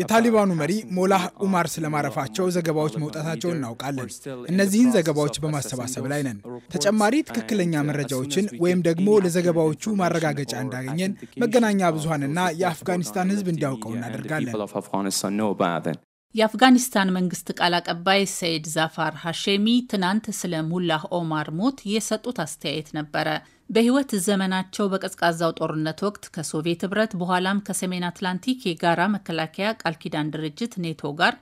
የታሊባኑ መሪ ሞላህ ኡማር ስለማረፋቸው ዘገባዎች መውጣታቸውን እናውቃለን። እነዚህን ዘገባዎች በማሰባሰብ ላይ ነን። ተጨማሪ ትክክለኛ መረጃዎችን ወይም ደግሞ ለዘገባዎቹ ማረጋገጫ እንዳገኘን መገናኛ ብዙሃንና የአፍጋኒስታን ሕዝብ እንዲያውቀው እናደርጋለን። የአፍጋኒስታን መንግስት ቃል አቀባይ ሰይድ ዛፋር ሃሼሚ ትናንት ስለ ሙላህ ኦማር ሞት የሰጡት አስተያየት ነበረ። በህይወት ዘመናቸው በቀዝቃዛው ጦርነት ወቅት ከሶቪየት ህብረት በኋላም ከሰሜን አትላንቲክ የጋራ መከላከያ ቃል ኪዳን ድርጅት ኔቶ ጋር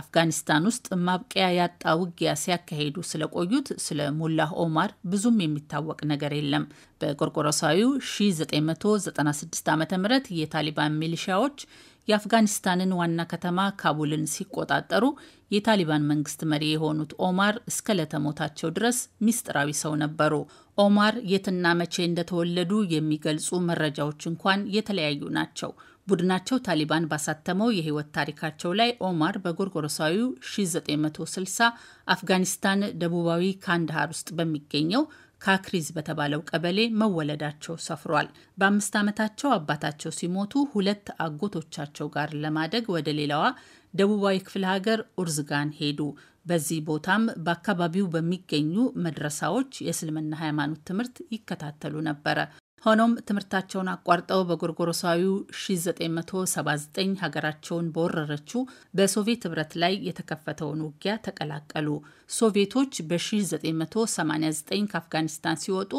አፍጋኒስታን ውስጥ ማብቂያ ያጣ ውጊያ ሲያካሂዱ ስለቆዩት ስለ ሙላህ ኦማር ብዙም የሚታወቅ ነገር የለም። በጎርጎሮሳዊው 1996 ዓ ም የታሊባን ሚሊሻዎች የአፍጋኒስታንን ዋና ከተማ ካቡልን ሲቆጣጠሩ የታሊባን መንግስት መሪ የሆኑት ኦማር እስከ ለተሞታቸው ድረስ ሚስጥራዊ ሰው ነበሩ። ኦማር የትና መቼ እንደተወለዱ የሚገልጹ መረጃዎች እንኳን የተለያዩ ናቸው። ቡድናቸው ታሊባን ባሳተመው የህይወት ታሪካቸው ላይ ኦማር በጎርጎሮሳዊው 1960 አፍጋኒስታን ደቡባዊ ካንዳሃር ውስጥ በሚገኘው ካክሪዝ በተባለው ቀበሌ መወለዳቸው ሰፍሯል። በአምስት ዓመታቸው አባታቸው ሲሞቱ ሁለት አጎቶቻቸው ጋር ለማደግ ወደ ሌላዋ ደቡባዊ ክፍለ ሀገር ኡርዝጋን ሄዱ። በዚህ ቦታም በአካባቢው በሚገኙ መድረሳዎች የእስልምና ሃይማኖት ትምህርት ይከታተሉ ነበረ። ሆኖም ትምህርታቸውን አቋርጠው በጎርጎሮሳዊው 1979 ሀገራቸውን በወረረችው በሶቪየት ህብረት ላይ የተከፈተውን ውጊያ ተቀላቀሉ። ሶቪየቶች በ1989 ከአፍጋኒስታን ሲወጡ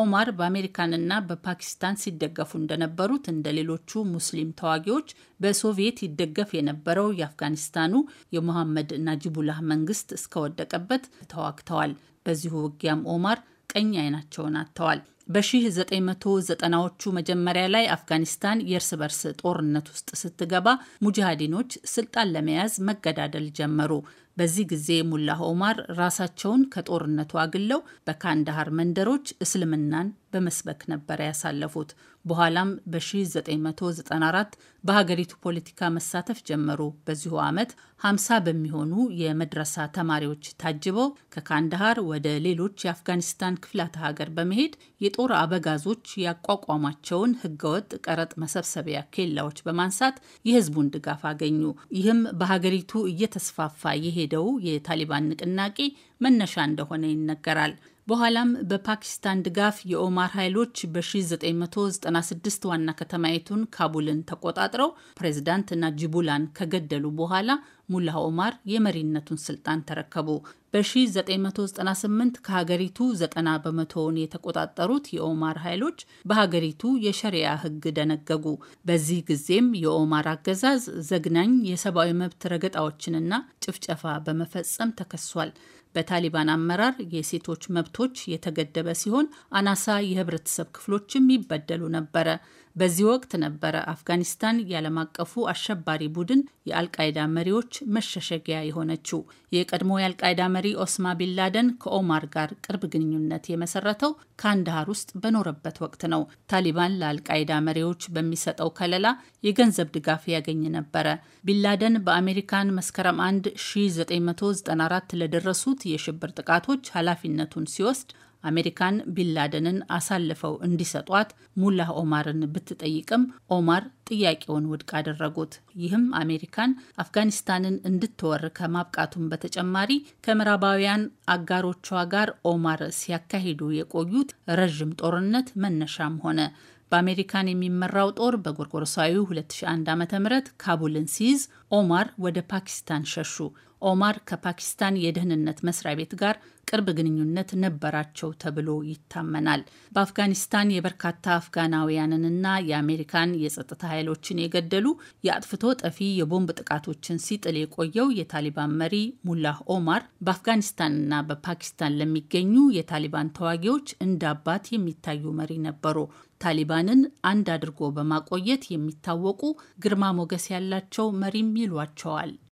ኦማር በአሜሪካንና በፓኪስታን ሲደገፉ እንደነበሩት እንደ ሌሎቹ ሙስሊም ተዋጊዎች በሶቪየት ይደገፍ የነበረው የአፍጋኒስታኑ የሞሐመድ ናጂቡላህ መንግስት እስከወደቀበት ተዋግተዋል። በዚሁ ውጊያም ኦማር ቀኝ አይናቸውን አጥተዋል። በ1990ዎቹ መጀመሪያ ላይ አፍጋኒስታን የእርስ በርስ ጦርነት ውስጥ ስትገባ ሙጃሃዲኖች ስልጣን ለመያዝ መገዳደል ጀመሩ። በዚህ ጊዜ ሙላ ኦማር ራሳቸውን ከጦርነቱ አግለው በካንዳሃር መንደሮች እስልምናን በመስበክ ነበር ያሳለፉት። በኋላም በ1994 በሀገሪቱ ፖለቲካ መሳተፍ ጀመሩ። በዚሁ ዓመት 50 በሚሆኑ የመድረሳ ተማሪዎች ታጅበው ከካንዳሃር ወደ ሌሎች የአፍጋኒስታን ክፍላተ ሀገር በመሄድ ጦር አበጋዞች ያቋቋሟቸውን ህገወጥ ቀረጥ መሰብሰቢያ ኬላዎች በማንሳት የህዝቡን ድጋፍ አገኙ። ይህም በሀገሪቱ እየተስፋፋ የሄደው የታሊባን ንቅናቄ መነሻ እንደሆነ ይነገራል። በኋላም በፓኪስታን ድጋፍ የኦማር ኃይሎች በ1996 ዋና ከተማይቱን ካቡልን ተቆጣጥረው ፕሬዚዳንት ናጂቡላን ከገደሉ በኋላ ሙላ ኦማር የመሪነቱን ስልጣን ተረከቡ። በ1998 ከሀገሪቱ 90 በመቶውን የተቆጣጠሩት የኦማር ኃይሎች በሀገሪቱ የሸሪያ ሕግ ደነገጉ። በዚህ ጊዜም የኦማር አገዛዝ ዘግናኝ የሰብአዊ መብት ረገጣዎችንና ጭፍጨፋ በመፈጸም ተከሷል። በታሊባን አመራር የሴቶች መብቶች የተገደበ ሲሆን አናሳ የህብረተሰብ ክፍሎችም ይበደሉ ነበረ። በዚህ ወቅት ነበረ አፍጋኒስታን ያለም አቀፉ አሸባሪ ቡድን የአልቃይዳ መሪዎች መሸሸጊያ የሆነችው። የቀድሞ የአልቃይዳ መሪ ኦስማ ቢንላደን ከኦማር ጋር ቅርብ ግንኙነት የመሰረተው ካንዳሃር ውስጥ በኖረበት ወቅት ነው። ታሊባን ለአልቃይዳ መሪዎች በሚሰጠው ከለላ የገንዘብ ድጋፍ ያገኝ ነበረ። ቢንላደን በአሜሪካን መስከረም 1994 ለደረሱት የሽብር ጥቃቶች ኃላፊነቱን ሲወስድ አሜሪካን ቢንላደንን አሳልፈው እንዲሰጧት ሙላህ ኦማርን ብትጠይቅም ኦማር ጥያቄውን ውድቅ አደረጉት። ይህም አሜሪካን አፍጋኒስታንን እንድትወር ከማብቃቱም በተጨማሪ ከምዕራባውያን አጋሮቿ ጋር ኦማር ሲያካሂዱ የቆዩት ረዥም ጦርነት መነሻም ሆነ። በአሜሪካን የሚመራው ጦር በጎርጎሮሳዊ 2001 ዓ.ም ካቡልን ሲይዝ ኦማር ወደ ፓኪስታን ሸሹ። ኦማር ከፓኪስታን የደህንነት መስሪያ ቤት ጋር ቅርብ ግንኙነት ነበራቸው ተብሎ ይታመናል። በአፍጋኒስታን የበርካታ አፍጋናውያንንና የአሜሪካን የጸጥታ ኃይሎችን የገደሉ የአጥፍቶ ጠፊ የቦምብ ጥቃቶችን ሲጥል የቆየው የታሊባን መሪ ሙላህ ኦማር በአፍጋኒስታንና በፓኪስታን ለሚገኙ የታሊባን ተዋጊዎች እንደ አባት የሚታዩ መሪ ነበሩ። ታሊባንን አንድ አድርጎ በማቆየት የሚታወቁ ግርማ ሞገስ ያላቸው መሪም ይሏቸዋል።